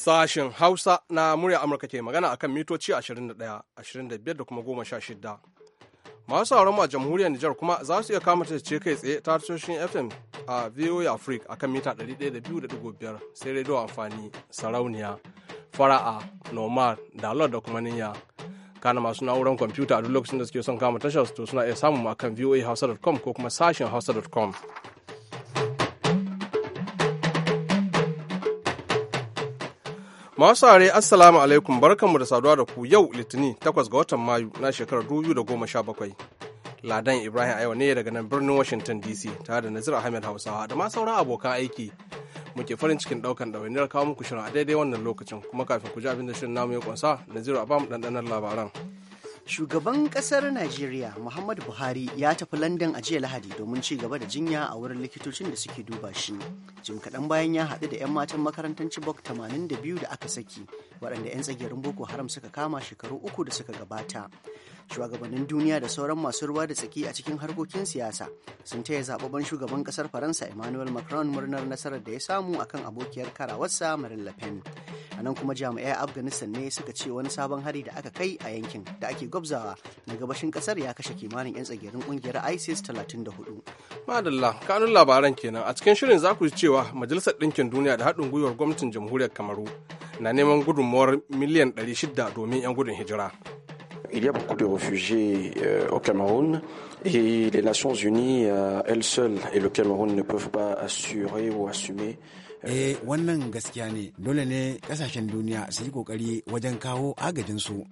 Sashen Hausa na murya Amurka ke magana akan mitoci 21, 25 da kuma 16. Masu sauran a jamhuriyar Nijar kuma za su iya kama ce kai tsaye ta tashoshin FM a VOA Africa akan mita 102.5 sai radio amfani sarauniya fara'a nomad dalar da kuma niyya kana masu na'urar kwamfuta a duk lokacin da suke son kama tashar to suna iya samun akan voahausa.com ko kuma sashen hausa.com Masu are assalamu alaikum barkanmu da saduwa da ku yau litini 8 ga watan Mayu na shekarar sha bakwai. Ladan Ibrahim Ayo ne daga nan birnin Washington DC tare da Nazir Ahmed Hausawa da ma sauran abokan aiki. Muke farin cikin daukan ɗawainiyar kawo muku shirin a daidai wannan lokacin kuma kafin ku ji abin da shirin namu ya kunsa Naziru a bamu ɗanɗanar labaran. Shugaban ƙasar Najeriya Muhammadu Buhari ya tafi Landan a jiya Lahadi domin ci gaba da jinya a wurin likitocin da suke duba shi. Jim kaɗan bayan ya haɗu da 'yan matan makarantar Chibok 82 da aka saki, waɗanda 'yan tsagerin Boko Haram suka kama shekaru uku da suka gabata. shugabannin duniya da sauran masu ruwa da tsaki a cikin harkokin siyasa sun taya zababben shugaban kasar faransa emmanuel macron murnar nasarar da ya samu akan abokiyar karawarsa marine le pen a nan kuma jami'ai afghanistan ne suka ce wani sabon hari da aka kai a yankin da ake gwabzawa na gabashin kasar ya kashe kimanin 'yan tsagerin kungiyar isis 34 madalla kanun labaran kenan a cikin shirin za ku ji cewa majalisar ɗinkin duniya da haɗin gwiwar gwamnatin jamhuriyar kamaru na neman gudunmawar miliyan 600 domin 'yan gudun hijira il y a beaucoup de réfugiés euh, au Cameroun et les Nations Unies, euh, elles seules et le Cameroun ne peuvent pas assurer ou assumer euh, eh wannan gaskiya ne dole ne kasashen duniya su yi kokari wajen kawo agajinsu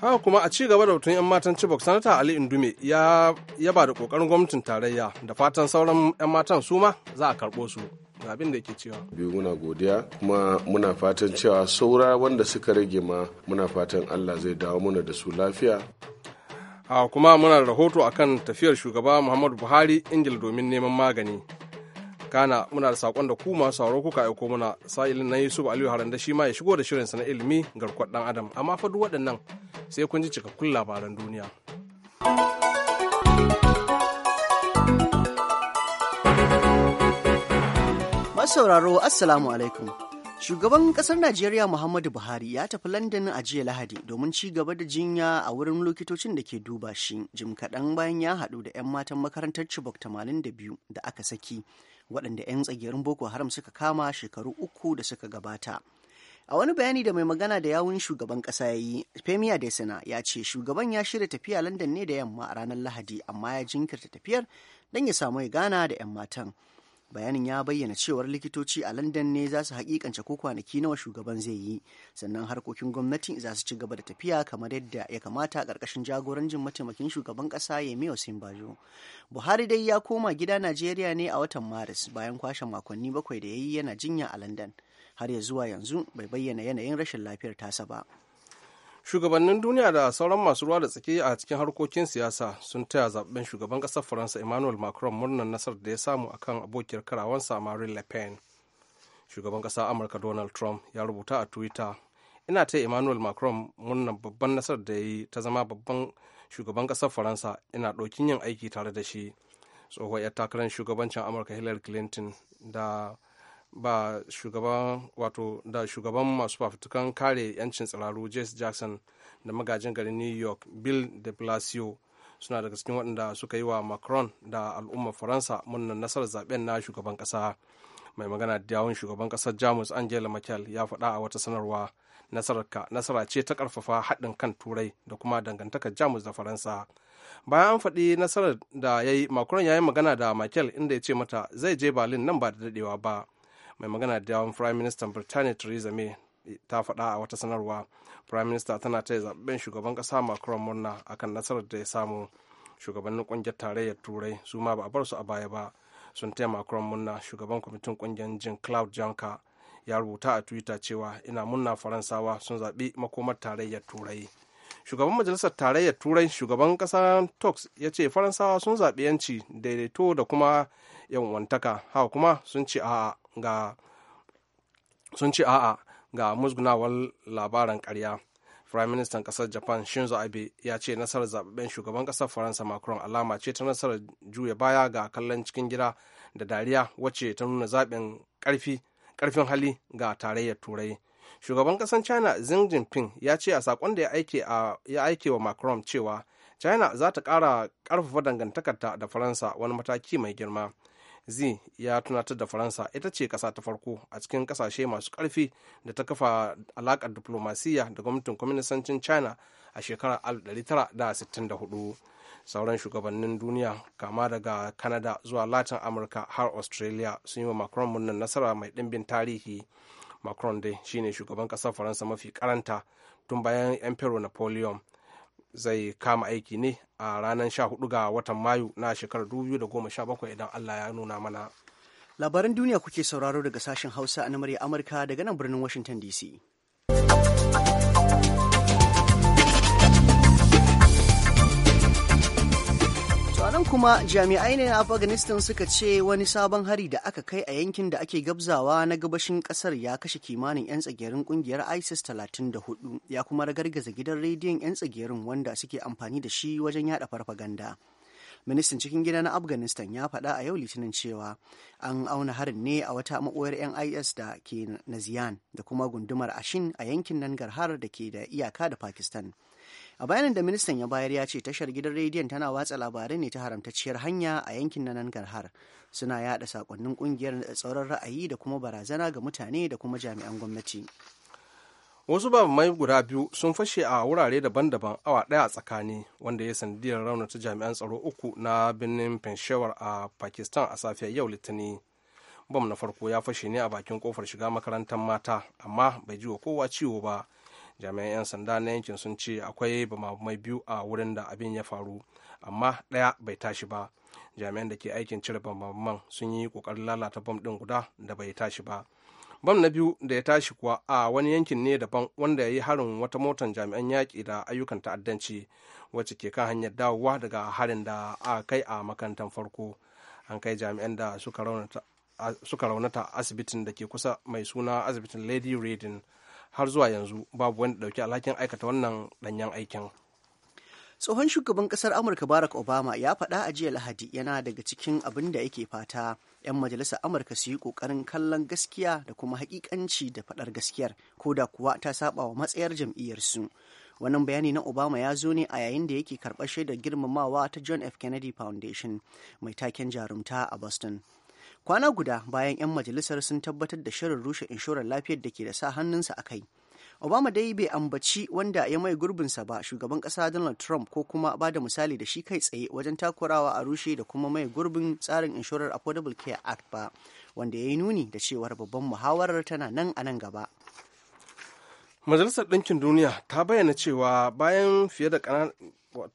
haka kuma a ci gaba da batun 'yan matan chibok sanata ali indume ya yaba da kokarin gwamnatin tarayya da fatan sauran 'yan matan su ma za a karɓo su ga abin da ke cewa biyu muna godiya kuma muna fatan cewa saura wanda suka rage ma muna fatan allah zai dawo muna da su lafiya a kuma muna rahoto akan tafiyar shugaba muhammadu buhari ingila domin neman magani kana muna da sakon da ku masu sauro kuka aiko mana sa'ilin na yusuf aliyu haranda shi ma ya shigo da shirinsa na ilimi garkuwar ɗan adam amma fa duk waɗannan sai kun ji cikakkun labaran duniya sauraro, Assalamu alaikum. Shugaban ƙasar Najeriya Muhammadu Buhari ya tafi London a jiya Lahadi domin ci gaba da jinya a wurin lokitocin da ke duba shi jim kaɗan bayan ya haɗu da 'yan matan makarantar Chibok 82 da aka saki, waɗanda 'yan tsagerin Boko Haram suka kama shekaru uku da suka gabata. A wani bayani da mai magana da yawun shugaban ƙasa ya yi, Femi Adesina ya ce shugaban ya shirya tafiya London ne da yamma a ranar Lahadi amma ya jinkirta tafiyar don ya samu ya gana da 'yan matan. bayanin ya bayyana cewar likitoci a london ne za su hakikance ko kwanaki nawa shugaban zai yi sannan harkokin gwamnati za su ci gaba da tafiya kamar yadda ya kamata a ƙarƙashin jagorancin mataimakin shugaban ƙasa yemi osinbajo buhari dai ya koma gida najeriya ne a watan maris bayan kwashe makonni bakwai da ya yi yana jinya a london har ya zuwa yanzu bai bayyana yanayin rashin lafiyar tasa ba shugabannin duniya da sauran masu ruwa da tsaki a cikin harkokin siyasa sun taya zaben shugaban ƙasar faransa emmanuel macron murnar nasar da ya samu a kan abokiyar karawansa marine le pen shugaban ƙasar amurka donald trump ya rubuta a twitter ina taya emmanuel macron murnar babban nasar da ya yi ta zama babban shugaban ƙasar faransa ina ɗokin yin aiki tare da shi tsohon 'yar takarar shugabancin amurka hillary clinton da ba shugaban wato da shugaban masu fafutukan kare 'yancin tsiraru jess jackson da magajin garin new york bill de blasio suna daga cikin waɗanda suka yi wa macron da al'ummar faransa murnar nasarar zaben na shugaban ƙasa mai magana da yawon shugaban ƙasar jamus angela merkel ya faɗa a wata sanarwa nasara ce ta ƙarfafa haɗin kan turai da kuma dangantakar jamus da faransa bayan an faɗi nasarar da ya yi macron ya yi magana da merkel inda ya ce mata zai je berlin nan ba da daɗewa ba mai magana da yawon prime minister birtaniya theresa may eh, ta faɗa a wata sanarwa prime minister tana ta zaɓen shugaban ƙasa macron murna akan nasarar da ya samu shugabannin ƙungiyar tarayyar turai su ma ba a bar su a baya ba sun taya macron murna shugaban kwamitin ƙungiyar jin cloud janka ya rubuta a twitter cewa ina murna faransawa sun zaɓi makomar tarayyar turai shugaban majalisar tarayyar turai shugaban ƙasar tox ya ce faransawa sun zaɓi yanci daidaito da kuma wantaka haka kuma sun ce a'a ga sun ce a'a ga musgunawar labaran karya firayim ministan kasar japan shinzo abe ya ce nasarar zababben shugaban kasar faransa macron alama ce ta nasarar juya baya ga kallon cikin gida da dariya wacce ta nuna zaɓin karfin hali ga tarayyar turai shugaban kasar china xi jinping ya ce a sakon da ya aike wa macron cewa china za ta ƙara ƙarfafa dangantakarta da faransa wani mataki mai girma zi ya tunatar da faransa ita ce kasa ta farko a cikin kasashe masu karfi da ta kafa alakar diplomasiya da gwamnatin kwaminisancin china a shekarar 1964 sauran shugabannin duniya kama daga canada zuwa latin amurka har australia sun yi wa macron murnar nasara mai ɗimbin tarihi macron dai shine shugaban ƙasar faransa mafi karanta tun bayan emperor napoleon zai kama aiki ne a ranar 14 ga watan mayu na shekarar bakwai idan allah ya nuna mana labaran duniya kuke sauraro daga sashen hausa na murya amurka daga nan birnin washington dc nan kuma jami'ai ne na afghanistan suka ce wani sabon hari da aka kai a yankin da ake gabzawa na gabashin kasar ya kashe kimanin 'yan tsagerin kungiyar isis 34 ya kuma ragargaza gidan rediyon 'yan tsagerin wanda suke amfani da shi wajen yada farfaganda ministan cikin gida na afghanistan ya faɗa a yau litinin cewa an auna harin ne a wata makoyar 'yan da ke naziyan da kuma gundumar ashin a yankin nan garhar da ke da iyaka da pakistan a bayanin da ministan ya bayar ya ce tashar gidan rediyon tana watsa labarai ne ta haramtacciyar hanya a yankin na nangarhar suna yada sakonnin kungiyar tsauran ra'ayi da kuma barazana ga mutane da kuma jami'an gwamnati wasu babamai guda biyu sun fashe a wurare daban-daban awa ɗaya a tsakani wanda ya sanadiyar raunata jami'an tsaro uku na birnin penshawar a pakistan a safiyar yau litinin bam na farko ya fashe ne a bakin kofar shiga makarantar mata amma bai ji wa kowa ciwo ba jami'an 'yan sanda na yankin sun ce akwai bamamai biyu a wurin da abin ya faru amma ɗaya bai tashi ba jami'an da ke aikin cire bamaman sun yi kokarin lalata bam ɗin guda da bai tashi ba bam na biyu da ya tashi kuwa a wani yankin ne daban wanda ya yi harin wata motar jami'an yaƙi da ayyukan ta'addanci wacce ke kan hanyar dawowa daga harin da a kai a makarantar farko an kai jami'an da suka raunata asibitin da ke kusa mai suna asibitin lady reading har zuwa yanzu babu wanda dauki alhakin aikata wannan danyen aikin tsohon shugaban kasar amurka barack obama ya faɗa a jiya lahadi yana daga cikin abin da yake fata 'yan majalisar amurka su yi ƙoƙarin kallon gaskiya da kuma haƙiƙanci da faɗar gaskiyar ko da kuwa ta saba wa matsayar jam'iyyarsu wannan bayani na obama ya zo ne a yayin da yake karɓar shaidar girmamawa ta john f kennedy foundation mai taken jarumta a boston kwana guda bayan 'yan majalisar sun tabbatar da shirin rushe inshorar lafiyar da ke da sa hannunsa a kai obama dai bai ambaci wanda ya mai gurbinsa ba shugaban kasa donald trump ko kuma ba da misali da shi kai tsaye wajen takurawa a rushe da kuma mai gurbin tsarin inshorar affordable care act ba wanda ya yi nuni da cewar babban muhawarar tana nan a nan gaba majalisar ɗinkin duniya ta bayyana cewa bayan fiye da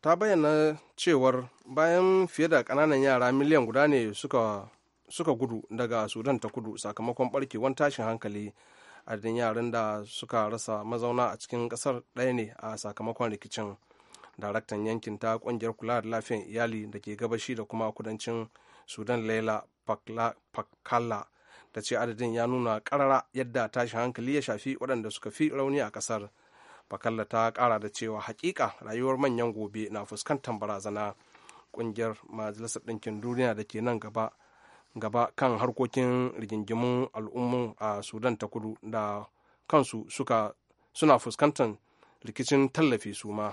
ta bayyana cewar bayan fiye da ƙananan yara miliyan guda ne suka suka gudu daga sudan ta kudu sakamakon barkewar tashin hankali adadin yaran da suka rasa mazauna a cikin kasar ɗaya ne a sakamakon rikicin daraktan yankin ta kungiyar kula da lafiyar iyali da ke gabashi da kuma kudancin sudan laila pakala ta ce adadin ya nuna karara yadda tashin hankali ya shafi waɗanda suka fi rauni a ƙasar pakala ta kara da cewa hakika rayuwar manyan gobe na fuskantar barazana kungiyar majalisar ɗinkin duniya da ke nan gaba gaba kan harkokin rigingimun al'ummun a sudan ta kudu da kansu suka suna fuskantar rikicin tallafi su ma.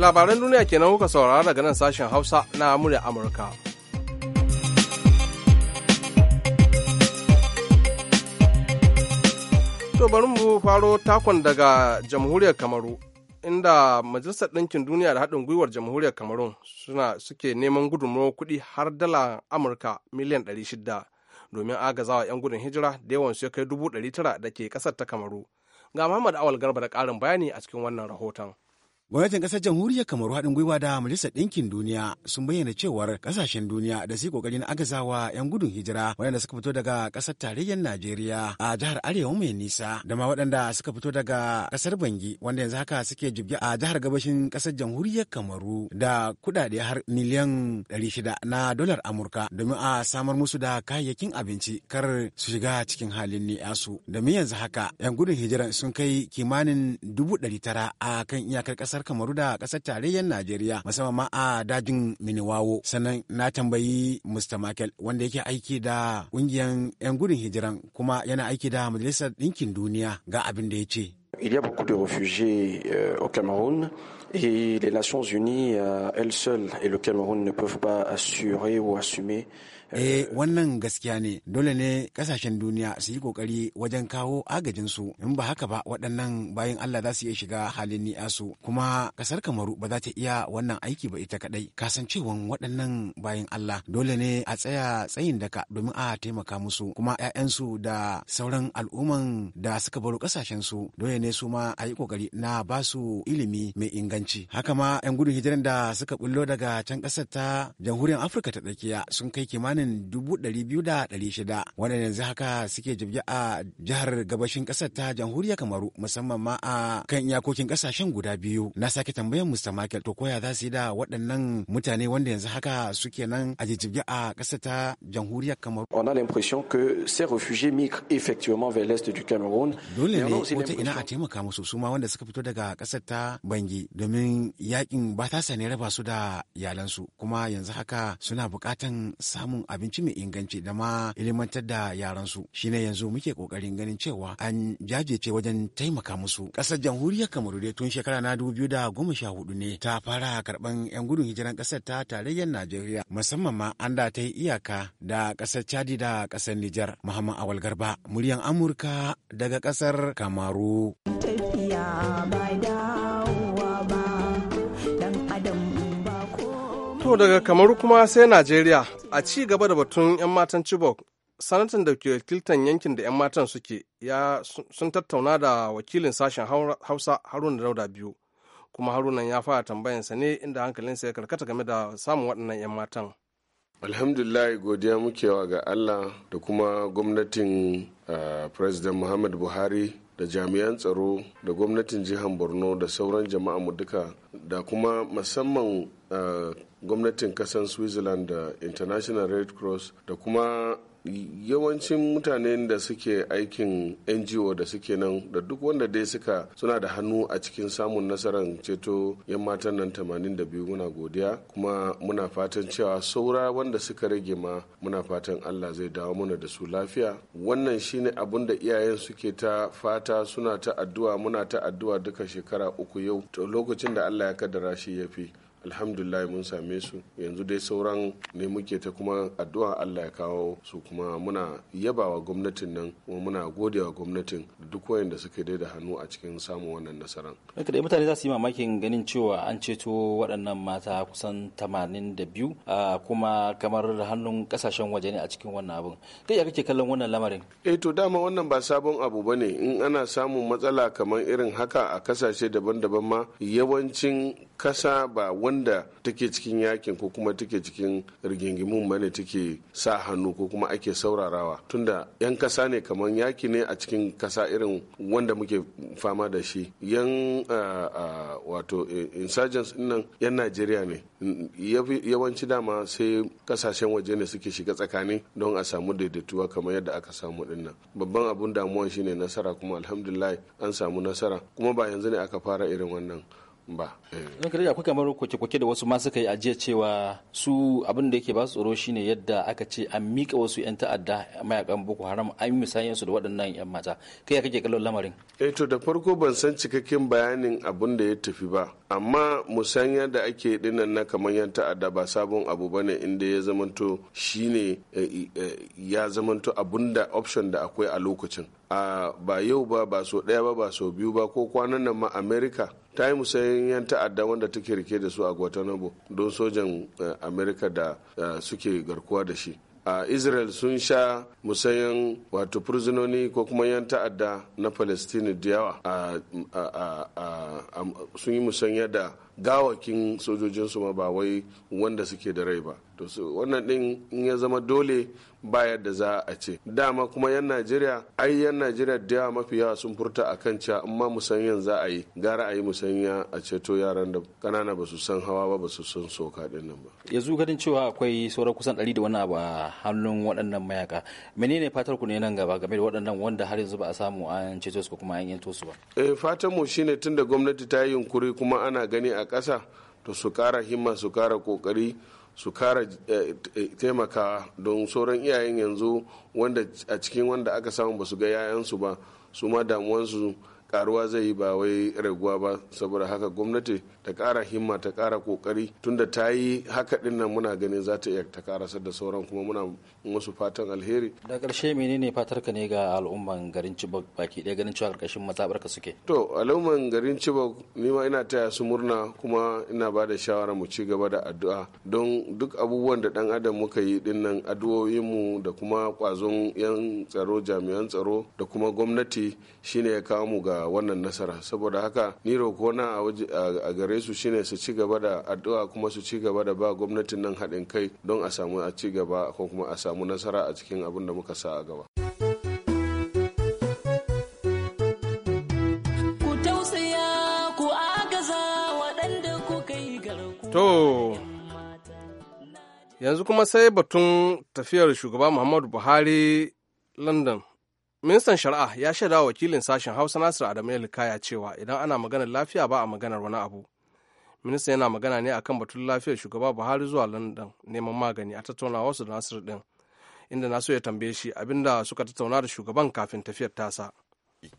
Labaran duniya kenan kuka saurara daga nan sashen Hausa na murya Amurka. To bari mu faro takon daga jamhuriyar Kamaru inda Majalisar Ɗinkin Duniya da haɗin gwiwar jamhuriyar Kamarun suna suke neman gudunmawar kuɗi har dala Amurka miliyan 600 domin agazawa 'yan gudun hijira da yawan su ya kai 900 da ke ƙasar ta Kamaru. Ga Muhammad Awal Garba da ƙarin bayani a cikin wannan rahoton. Gwamnatin ƙasar jamhuriyar Kamaru haɗin gwiwa da Majalisar Ɗinkin Duniya sun bayyana cewar ƙasashen duniya da su ƙoƙarin agazawa 'yan gudun hijira waɗanda suka fito daga ƙasar tarayyar Najeriya a jihar Arewa mai nisa da ma waɗanda suka fito daga ƙasar Bangi wanda yanzu haka suke jibge a jihar gabashin ƙasar jamhuriyar Kamaru da kuɗaɗe har miliyan shida na dolar Amurka domin a samar musu da kayayyakin abinci kar su shiga cikin halin su. domin yanzu haka 'yan gudun hijira sun kai kimanin tara a kan iyakar ƙasar kasar kamaru da kasar tarayyar najeriya musamman ma a dajin miniwawo sannan na tambayi mr michael wanda yake aiki da ƙungiyar yan gudun hijiran kuma yana aiki da majalisar ɗinkin duniya ga abin da ya ce Il y a beaucoup de réfugiés euh, au Cameroun et les Nations Unies euh, elles seules et le Cameroun ne peuvent pas assurer ou assumer euh, Eh wannan gaskiya ne dole ne kasashen duniya su yi kokari wajen kawo agajinsu in ba haka ba waɗannan bayan Allah za su iya shiga halin ni'asu kuma kasar Kamaru ba za ta iya wannan aiki ba ita kadai kasancewan waɗannan bayan Allah dole ne a tsaya tsayin daka domin a taimaka musu kuma 'ya'yansu da sauran al'umman da suka baro kasashen su dole ne su ma a yi kokari na ba su ilimi mai inganci haka ma 'yan gudun hijiran da suka bullo daga can ƙasar ta jamhuriyar afirka ta tsakiya sun kai kimanin dubu ɗari biyu da ɗari shida wanda yanzu haka suke jibge a jihar gabashin ƙasar ta jamhuriyar kamaru musamman ma a kan iyakokin ƙasashen guda biyu na sake tambayar mr michael to koya za su yi da waɗannan mutane wanda yanzu haka suke nan a jijjibge a ƙasar ta jamhuriyar kamaru. on a l'impression que ces réfugiés migrent effectivement vers l'est du cameroon. dole ne wata ina a taimaka musu suma ma wanda suka fito daga ƙasar ta bangi domin yakin ba ta sani raba su da iyalansu kuma yanzu haka suna bukatan samun abinci mai inganci da ma ilimantar da yaransu shine yanzu muke kokarin ganin cewa an jajirce wajen taimaka musu kasar jamhuriyar kamaru dai tun shekara na dubu biyu da goma sha hudu ne ta fara karɓan yan gudun hijiran ƙasar ta tarayyar najeriya musamman ma an da ta yi iyaka da ƙasar chadi da ƙasar nijar muhammad awal garba muryan amurka daga ƙasar kamaru ya ba dawowa ba dan adam ba to daga kamaru kuma sai najeriya a ci gaba da batun 'yan matan chibok sanatan da ke wakiltan yankin da 'yan matan suke ya sun tattauna da wakilin sashen hausa haruna dauda biyu kuma harunan ya fara tambayansa ne inda hankalinsa ya karkata game da samun waɗannan 'yan matan alhamdulillah godiya muke wa ga allah da kuma gwamnatin uh, president muhammad buhari da jami'an tsaro da gwamnatin jihar borno da sauran jama'a mu duka da kuma musamman eh, gwamnatin kasan switzerland da international red cross da kuma yawancin mutane da suke aikin ngo da suke nan da duk wanda dai suka suna da hannu a cikin samun nasarar ceto yan matan nan biyu muna godiya kuma muna fatan cewa saura wanda suka rage ma muna fatan allah zai dawo mana da su lafiya wannan shine abun da iyayen suke ta fata suna ta addu'a muna ta addu'a duka shekara uku yau to lokacin da allah ya kaddara shi ya fi alhamdulillah mun same su yanzu dai sauran ne muke ta kuma addu'a allah ya kawo su kuma muna yabawa gwamnatin nan kuma muna godewa gwamnatin duk wayanda suke dai da hannu a cikin samun wannan nasarar haka dai mutane za su yi mamakin ganin cewa an ceto waɗannan mata kusan tamanin 82 kuma kamar hannun kasashen waje ne a cikin wannan abin kai ya kake kallon wannan lamarin eh to dama wannan ba sabon abu bane in ana samun matsala kamar irin haka a kasashe daban-daban ma yawancin kasa ba wanda take cikin yakin ko kuma take cikin rigingimun bane take sa hannu ko kuma ake saurarawa tunda 'yan kasa ne kamar yaki ne a cikin kasa irin wanda muke fama da shi yan wato e, insurgents nan 'yan najeriya ne yawanci dama sai kasashen waje ne suke shiga tsakani don a samu daidaituwa kamar yadda aka samu dinnan babban abun damuwa shine nasara kuma alhamdulillah an samu nasara kuma ba yanzu ne aka fara irin wannan ba zan kada akwai kamar kwake-kwake da wasu ma suka yi ajiya cewa su abin da yake ba su tsoro shine yadda aka ce an mika wasu 'yan ta'adda mayakan boko haram an yi misayen su da waɗannan 'yan mata kai ya kake kallon lamarin eh to da farko ban san cikakken bayanin abin da ya tafi ba amma musanya da ake dinnan na kamar 'yan ta'adda ba sabon abu bane inda ya zamanto shine eh, eh, ya zamanto abun da option da akwai a lokacin a ba yau ba ba so ɗaya ba ba so biyu ba ko kwanan nan ma america ta yi musayin 'yan ta'adda wanda take rike da su a guantanamo don sojan eh, amerika da eh, suke garkuwa da shi a israel sun sha musayan wato fursunoni ko kuma yan ta'adda na palestini da yawa sun yi musanya da gawakin sojojinsu ma ba wai wanda suke da rai ba to wannan din in ya zama dole ba yadda za a ce dama kuma yan najeriya ai yan najeriya da yawa mafi yawa sun furta a kan cewa amma musanyan za a yi gara a yi musanya a ceto yaran da kanana ba su san hawa ba ba su san soka din nan ba yanzu ganin cewa akwai sauran kusan ɗari da wani abu a hannun waɗannan mayaka menene fatar ku ne nan gaba game da waɗannan wanda har yanzu ba a samu an ceto su kuma an yanto su ba eh fatan mu shine tunda gwamnati ta yi yunkuri kuma ana gani a kasa to su kara himma su kara kokari su kara eh, eh, taimakawa don sauran iyayen yanzu wanda a cikin wanda aka samu ba su ga 'ya'yansu ba su ma damuwansu karuwa zai yi ba wai raguwa ba saboda haka gwamnati ta kara himma ta kara kokari tunda ta yi haka din nan muna ganin za ta iya ta karasar da sauran kuma muna musu fatan alheri da karshe menene fatar ka ne ga al'umman garin Chibok baki ɗaya ganin cewa karkashin matsabar ka suke to al'umman garin Chibok ni ma ina taya su murna kuma ina ba da shawara mu ci gaba da addu'a don duk abubuwan da dan adam muka yi din nan addu'o'in mu da kuma kwazon yan tsaro jami'an tsaro da kuma gwamnati shine ya kawo mu ga wannan nasara saboda haka ni na a gare su shine su ci gaba da addu'a kuma su ci gaba da ba gwamnatin nan haɗin kai don a samu a ci gaba ko kuma a samu nasara a cikin abin da muka sa a gaba. To, yanzu kuma sai batun tafiyar shugaba Muhammadu Buhari London. ministan shari'a ya shaida wakilin sashen hausa nasir adamu likaya cewa idan ana maganar lafiya ba a maganar wani abu ministan yana magana ne akan batun lafiyar shugaba buhari zuwa london neman magani a tattaunawa wasu da nasir din inda na so ya tambaye shi abinda suka tattauna da shugaban kafin tafiyar tasa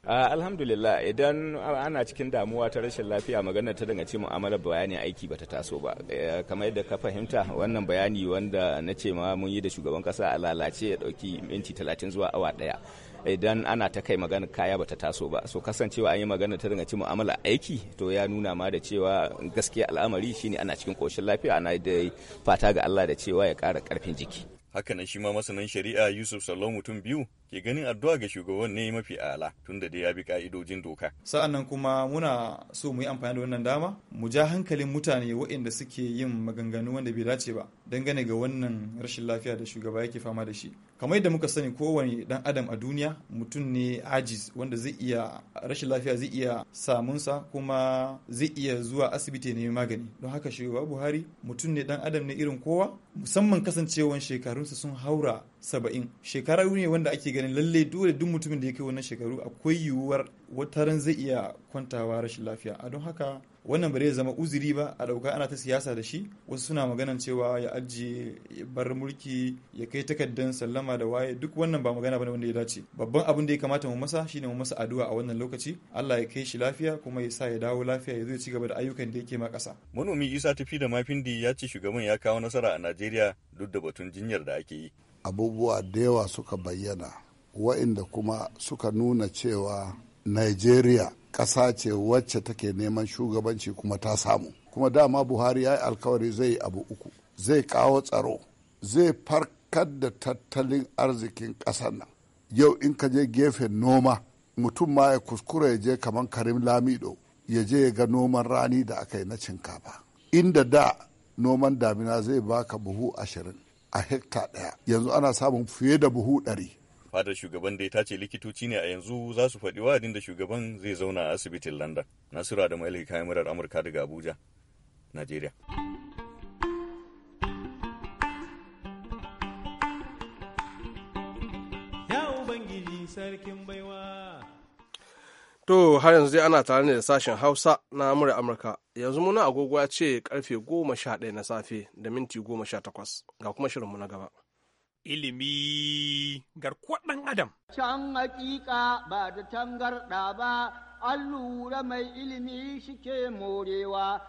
alhamdulillah idan ana cikin damuwa ta rashin lafiya magana ta dangace mu'amalar bayani aiki bata taso ba e, kamar yadda ka fahimta wannan bayani wanda na ce ma mun yi da shugaban kasa a lalace ya dauki minti 30 zuwa awa daya idan ana ta kai magana kaya bata taso ba so kasancewa an yi magana ta danganci mu'amala aiki to ya nuna ma da cewa gaskiya al'amari shine ana cikin koshin lafiya ana da fata ga Allah da cewa ya ƙara ƙarfin jiki hakanan shi ma masana'n shari'a Yusuf Salomu mutum biyu ke ganin addu'a ga shugaban ne mafi ala tunda dai ya bi ka'idojin doka. sa'annan kuma muna so mu yi amfani da wannan dama mu ja hankalin mutane waɗanda suke yin maganganu wanda bai dace ba dangane ga wannan rashin lafiya da shugaba yake fama da shi. Kamar yadda muka sani kowane dan adam a duniya mutum ne ajiz wanda zai iya rashin lafiya zai iya samunsa kuma zai iya zuwa asibiti ne magani don haka shugaba Buhari mutum ne dan adam ne irin kowa musamman kasancewan shekarunsa sun haura saba'in shekaru ne wanda ake ganin lallai dole duk mutumin da ya kai wannan shekaru akwai yiwuwar wataran zai iya kwantawa rashin lafiya a don haka wannan ba zai zama uzuri ba a dauka ana ta siyasa da shi wasu suna maganan cewa ya ajiye bar mulki ya kai takaddan sallama da waye duk wannan ba magana bane wanda ya dace babban abin da ya kamata mu masa shine mu masa addu'a a wannan lokaci Allah ya kai shi lafiya kuma ya sa ya dawo lafiya ya zo ya ci gaba da ayyukan da yake ma ƙasa manomi Isa Tafi da Mafindi ya ce shugaban ya kawo nasara a Najeriya duk da batun jinyar da ake yi abubuwa da yawa suka bayyana wa'inda kuma suka nuna cewa nigeria ƙasa ce wacce take neman shugabanci kuma ta samu kuma dama buhari ya yi alkawari zai abu uku zai kawo tsaro zai farkar da tattalin arzikin ƙasar nan yau in ka je gefen noma mutum ma ya kuskura ya je kamar karim lamido ya je ya ga noman rani da aka yi na shinkafa inda da noman damina zai baka buhu ashirin a hekta ɗaya yanzu ana samun fiye da buhu ɗari fadar shugaban da ta ce likitoci ne a yanzu za su faɗi wa'adin da shugaban zai zauna a asibitin Landan, nasiru da mailai kayan murar amurka daga abuja najeriya To har yanzu dai ana tare ne da sashen Hausa na murar Amurka. Yanzu muna agogo ya ce karfe goma sha ɗaya na safe da minti goma sha takwas ga kuma shirinmu na gaba. Ilimi garkuwar ɗan Adam. Can hakika ba da tangarɗa ba, an lura mai ilimi shi ke morewa.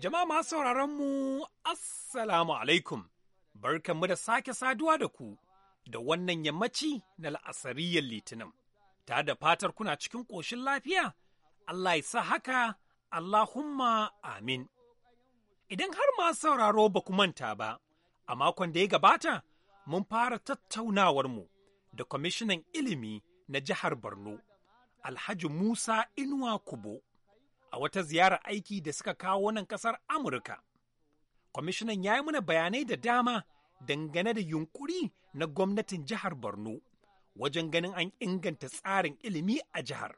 Jama'a masu sauraronmu mu, Assalamu alaikum. Barkanmu da sake saduwa da ku da wannan yammaci na la'asariyar Litinin. ta da fatar kuna cikin ƙoshin lafiya, Allah ya sa haka, Allahumma amin. Idan har ma sauraro ba ku manta ba, a makon da ya gabata, mun fara tattaunawarmu da kwamishinan ilimi na jihar Borno, Alhaji Musa Inuwa Kubo, a wata ziyarar aiki da suka kawo nan ƙasar Amurka. Kwamishinan ya yi mana bayanai da dama dangane da yunkuri na gwamnatin jihar Borno. wajen ganin an inganta tsarin ilimi a jihar.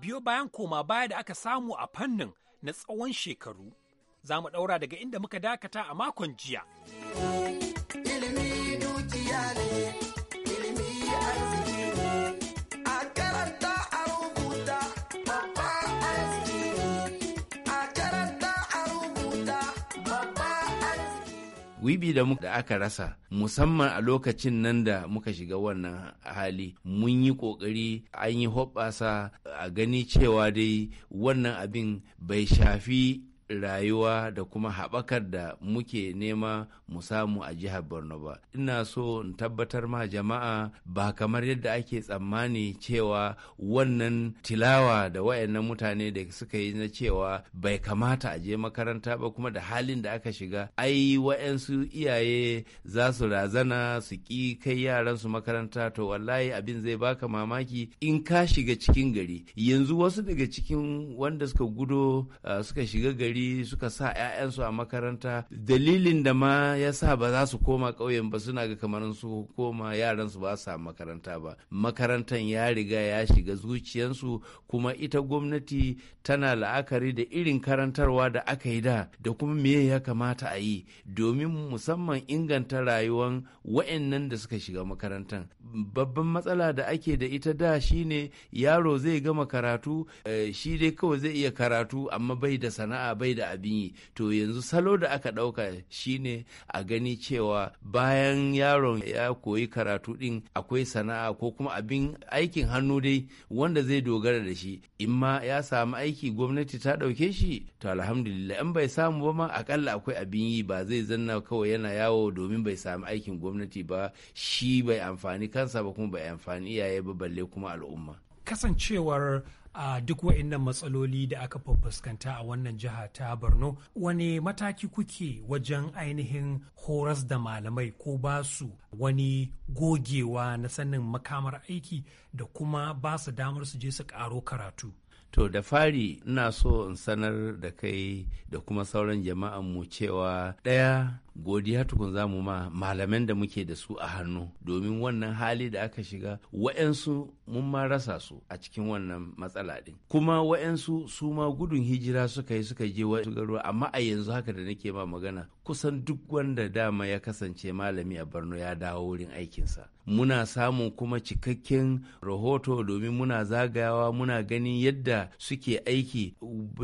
Biyo bayan koma baya da aka samu a fannin na tsawon shekaru, za mu ɗaura daga inda muka dakata a makon jiya. Ilimi wibi da muka da aka rasa musamman a lokacin nan da muka shiga wannan hali mun yi kokari an yi hoɓɓasa a gani cewa dai wannan abin bai shafi rayuwa da kuma haɓakar da muke nema mu samu a jihar borno ba ina so in tabbatar ma jama'a ba kamar yadda ake tsammani cewa wannan tilawa da wayannan mutane da suka yi na cewa bai kamata a je makaranta ba kuma da halin da aka shiga ai wayansu iyaye za su razana su ki kai yaran su makaranta to wallahi abin zai baka mamaki in ka shiga cikin gari yanzu wasu daga cikin wanda suka gudo ah, suka shiga gari kuɗi suka sa 'ya'yansu a makaranta dalilin da ma ya sa ba za su koma ƙauyen ba suna ga kamar su koma yaransu ba sa makaranta ba makarantan ya riga ya shiga zuciyansu kuma ita gwamnati tana la'akari da irin karantarwa da aka yi da da kuma me ya kamata a yi domin musamman inganta rayuwan wa'annan da suka shiga makarantan babban matsala da ake da ita da shine yaro zai gama karatu eh, shi dai kawai zai iya karatu amma bai da sana'a bai da abin yi to yanzu salo da aka ɗauka shine a gani cewa bayan yaron ya koyi karatu ɗin akwai sana'a ko kuma abin aikin hannu dai wanda zai dogara da shi in ma ya samu aiki gwamnati ta ɗauke shi to alhamdulillah in bai samu ba ma akalla akwai abin yi ba zai zanna kawai yana yawo domin bai samu aikin gwamnati ba shi bai amfani kansa ba kuma bai amfani iyaye ba balle kuma al'umma kasancewar a duk wa'innan matsaloli da aka fuskanta a wannan jiha ta borno wani mataki kuke wajen ainihin horas da malamai ko ba su wani gogewa na sanin makamar aiki da kuma ba su damar su je su karo karatu To da fari ina so in sanar da kai da kuma sauran jama'an mu cewa ɗaya godiya tukun za mu ma malaman da muke da su a hannu domin wannan hali da aka shiga wa'yansu mun ma rasa su a cikin wannan matsala ɗin kuma wa'yansu su ma gudun hijira suka yi suka je wasu garuwa amma a yanzu haka da nake ma magana kusan duk wanda dama ya kasance malami a Borno ya dawo wurin aikinsa muna samun kuma cikakken rahoto domin muna zagayawa muna ganin yadda suke aiki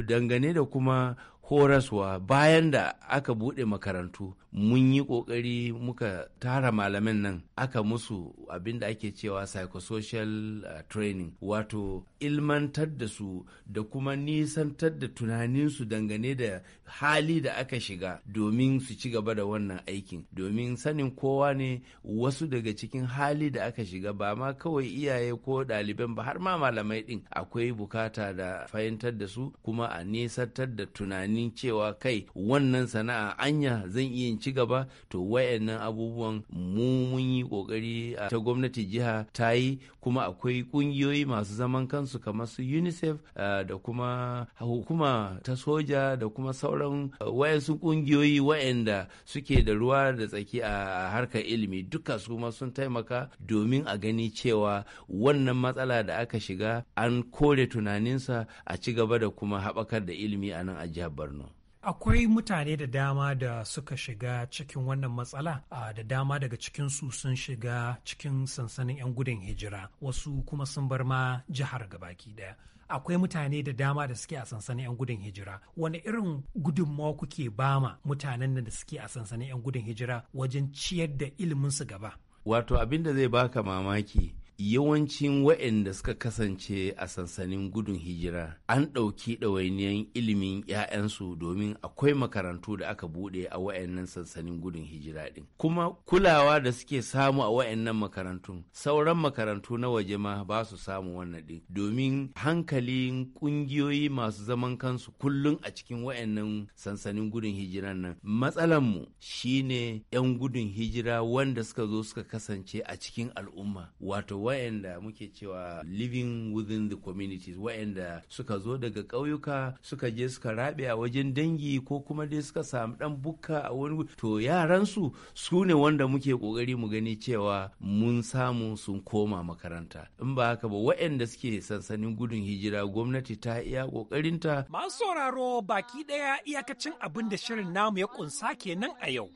dangane da kuma horaswa bayan da aka buɗe makarantu mun yi kokari muka tara malamin nan aka musu abin da ake cewa psychosocial uh, training wato ilmantar da su da kuma nisantar da tunaninsu dangane da hali da aka shiga domin su ci gaba da wannan aikin domin sanin kowa ne wasu daga cikin hali da aka shiga ba ma kawai iyaye ko ɗaliban ba har ma malamai ɗin akwai bukata da fahimtar da su kuma a nisantar da tunanin cewa kai wannan sana'a anya zan iya ci gaba to wayannan abubuwan mu mun yi kokari ta gwamnati jiha ta yi kuma akwai kungiyoyi masu zaman kansu kamar su unicef da kuma hukuma ta soja da kuma sauran wayansu kungiyoyi wayanda suke da ruwa da tsaki a harkar ilimi duka su ma sun taimaka domin a gani cewa wannan matsala da aka shiga an kore tunaninsa a ci gaba da kuma haɓakar da ilimi a nan a jihar borno akwai mutane da dama da suka shiga cikin wannan matsala da dama daga cikinsu sun shiga cikin sansanin 'yan gudun hijira wasu kuma sun bar ma jihar gabaki daya akwai mutane da dama da suke a sansanin 'yan gudun hijira wani irin gudunmawa kuke bama mutanen da suke a sansanin 'yan gudun hijira wajen ciyar da iliminsu gaba wato abin da zai baka mamaki yawancin waɗanda suka kasance a sansanin gudun hijira an ɗauki ɗawainiyar ilimin 'ya'yansu domin akwai makarantu da aka buɗe a waɗannan sansanin gudun hijira ɗin kuma kulawa da suke samu a waɗannan makarantu sauran makarantu na waje ma ba su samu wannan ɗin domin hankalin ƙungiyoyi masu zaman kansu kullum a cikin waɗannan sansanin gudun hijira nan matsalanmu shine 'yan gudun hijira wanda suka zo suka kasance a cikin al'umma wato wa'anda muke cewa living within the communities wa'anda suka zo daga ƙauyuka suka je suka rabe a wajen dangi ko kuma dai suka samu dan bukka a wani to yaransu su ne wanda muke ƙoƙari mu gani cewa mun samu sun koma makaranta in ba haka ba wa'anda suke sansanin gudun hijira gwamnati ta iya ƙoƙarinta. masu sauraro baki ɗaya iyakacin abin da shirin namu ya ƙunsa kenan a yau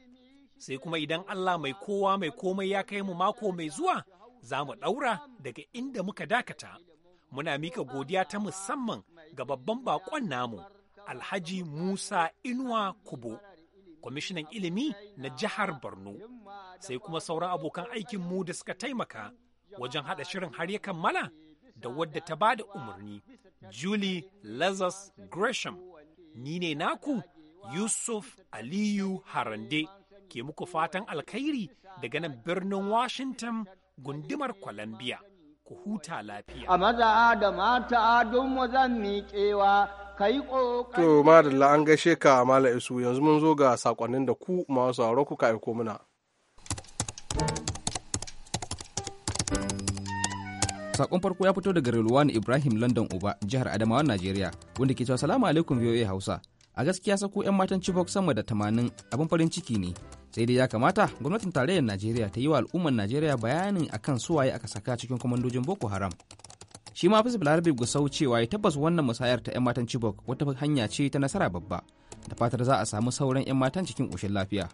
sai kuma idan allah mai kowa mai komai ya kai mu mako mai zuwa za mu ɗaura daga inda muka dakata. Muna mika godiya ta musamman ga babban baƙon namu, Alhaji Musa Inuwa Kubo, kwamishinan ilimi na jihar Borno, sai kuma sauran abokan aikin mu da suka taimaka wajen haɗa shirin har ya kammala da wadda ta ba da umarni, Julie Lazarus Gresham, ni ne naku Yusuf Aliyu Harande, ke muku fatan alkhairi daga nan birnin Washington gundumar kwalambiya Ku huta lafiya. A maza da mata don zan miƙewa kai ƙoƙari. To, madalla an gaishe ka Mala Isu yanzu mun zo ga sakonnin da ku masu sauraro kuka aiko mana. sakon farko ya fito daga Relwan Ibrahim London Uba, jihar Adamawa, Najeriya, wanda ke cewa salamu alaikum VOA Hausa. A gaskiya sako 'yan matan Chibok sama da tamanin abin farin ciki ne, sai dai ya kamata gwamnatin tarayyar najeriya ta yi wa al'ummar najeriya bayanin akan waye aka saka cikin kwamandojin boko haram shi ma fisu balarabe gusau cewa ya tabbas wannan musayar ta 'yan matan chibok wata hanya ce ta nasara babba da fatar za a samu sauran 'yan matan cikin ƙoshin lafiya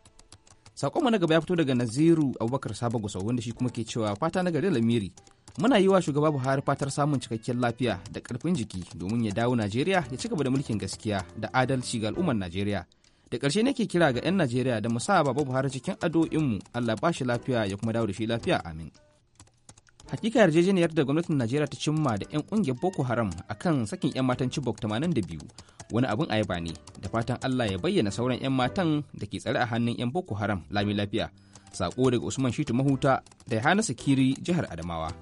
sakon na gaba ya fito daga naziru abubakar sabo gusau wanda shi kuma ke cewa fata na gari lamiri muna yi wa shugaba buhari fatar samun cikakken lafiya da karfin jiki domin ya dawo najeriya ya ci gaba da mulkin gaskiya da adalci ga al'ummar najeriya da ƙarshe nake kira ga 'yan najeriya da mu sa baba buhari cikin addu'o'inmu allah ba shi lafiya ya kuma dawo da shi lafiya amin hakika yarjejeniyar da gwamnatin najeriya ta cimma da 'yan ƙungiyar boko haram kan sakin 'yan matan chibok 82 wani abin ayaba ne da fatan allah ya bayyana sauran 'yan matan da ke tsare a hannun 'yan boko haram lami lafiya sako daga usman shitu mahuta da hana sakiri jihar adamawa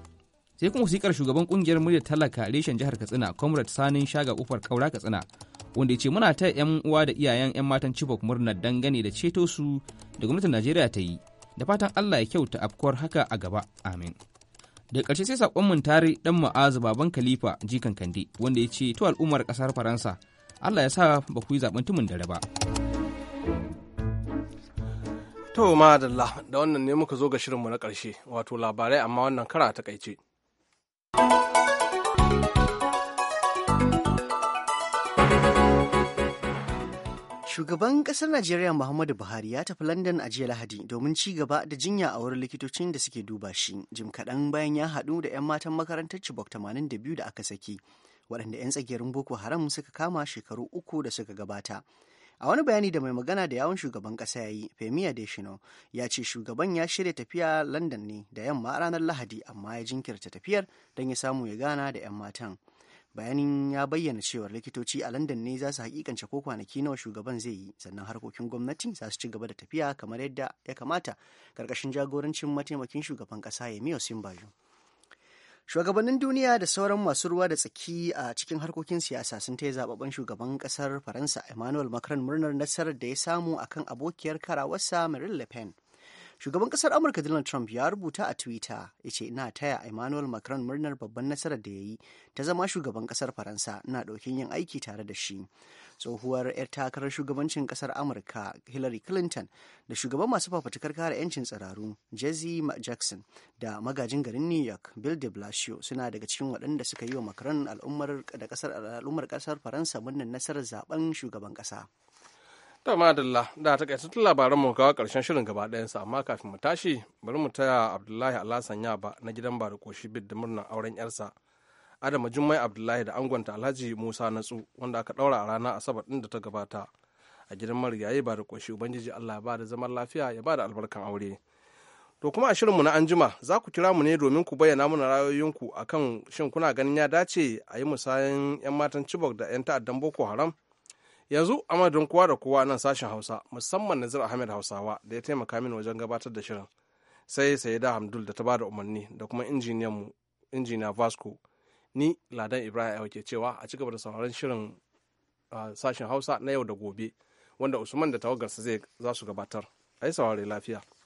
sai kuma wasikar shugaban kungiyar muryar talaka reshen jihar katsina comrade sanin shaga kofar kaura katsina wanda ya ce muna ta 'yan uwa da iyayen 'yan matan Chibok murnar dangane da ceto su da gwamnatin Najeriya ta yi. Da fatan Allah ya kyauta afkuwar haka a gaba. Amin. Da ƙarshe sai saƙon mun tare dan ma'azu baban Khalifa Jikan Kande wanda ya ce to al'ummar ƙasar Faransa Allah ya sa ba ku yi zaɓen tumin dare ba. To madalla da wannan ne muka zo ga shirinmu na karshe wato labarai amma wannan kara a takaice. Shugaban ƙasar Najeriya Muhammadu Buhari ya tafi London a jiya Lahadi domin ci gaba da jinya a wurin likitocin da suke duba shi, jim kaɗan bayan ya haɗu da 'yan matan makarantar Chibok 82 da aka saki, waɗanda 'yan tsagerin Boko Haram suka kama shekaru uku da suka gabata. A wani bayani da mai magana da yawon shugaban ƙasa ya yi, Femi Adesino, ya ce shugaban ya shirya tafiya London ne da yamma ranar Lahadi amma ya jinkirta tafiyar don ya samu ya gana da 'yan matan. bayanin ya bayyana cewar likitoci a london ne za su hakikance ko kwanaki nawa shugaban zai yi sannan harkokin gwamnati za su ci gaba da tafiya kamar yadda ya kamata karkashin jagorancin mataimakin shugaban kasa yemiyo simbajo shugabannin duniya da sauran masu ruwa da tsaki a cikin harkokin siyasa sun taya zababben shugaban kasar faransa emmanuel macron murnar nasarar da ya samu akan abokiyar karawarsa marine le pen shugaban kasar amurka donald trump ya rubuta a twitter ya ce ina taya emmanuel macron murnar babban nasarar da ya yi ta zama shugaban kasar faransa ina ɗaukin yin aiki tare da shi tsohuwar 'yar takarar shugabancin kasar amurka hillary clinton da shugaban masu fafatukar kare 'yancin tsiraru jesse jackson da magajin garin new york bill de blasio suna daga cikin waɗanda suka yi wa macron al'ummar kasar faransa murnar nasarar zaben shugaban kasa. To madalla da ta tun labaran mu kawo karshen shirin gaba ɗayansa amma kafin mu tashi bari mu taya Abdullahi Alhassan Yaba na gidan Bari Koshi Bid da murnar auren yarsa. Adama Jummai Abdullahi da angonta Alhaji Musa Natsu wanda aka ɗaura a rana Asabar ɗin da ta gabata. A gidan marigayi Bari Koshi Ubangiji Allah ba da zaman lafiya ya ba da albarkan aure. To kuma a shirin mu na anjima za ku kira mu ne domin ku bayyana mana rayoyinku akan shin kuna ganin ya dace a yi musayan 'yan matan Chibok da 'yan ta'addan Boko Haram? yanzu a madadin kowa da kowa nan sashen hausa musamman nazir ahmed hausawa da ya taimaka min wajen gabatar da shirin sai sai da hamdul da ta bada umarni da kuma injiniyan injiniya vasco ni ladan ibrahim ke cewa a cigaba da sauraron shirin sashen hausa na yau da gobe wanda usman da tawagarsa zai za su gabatar a yi saurare lafiya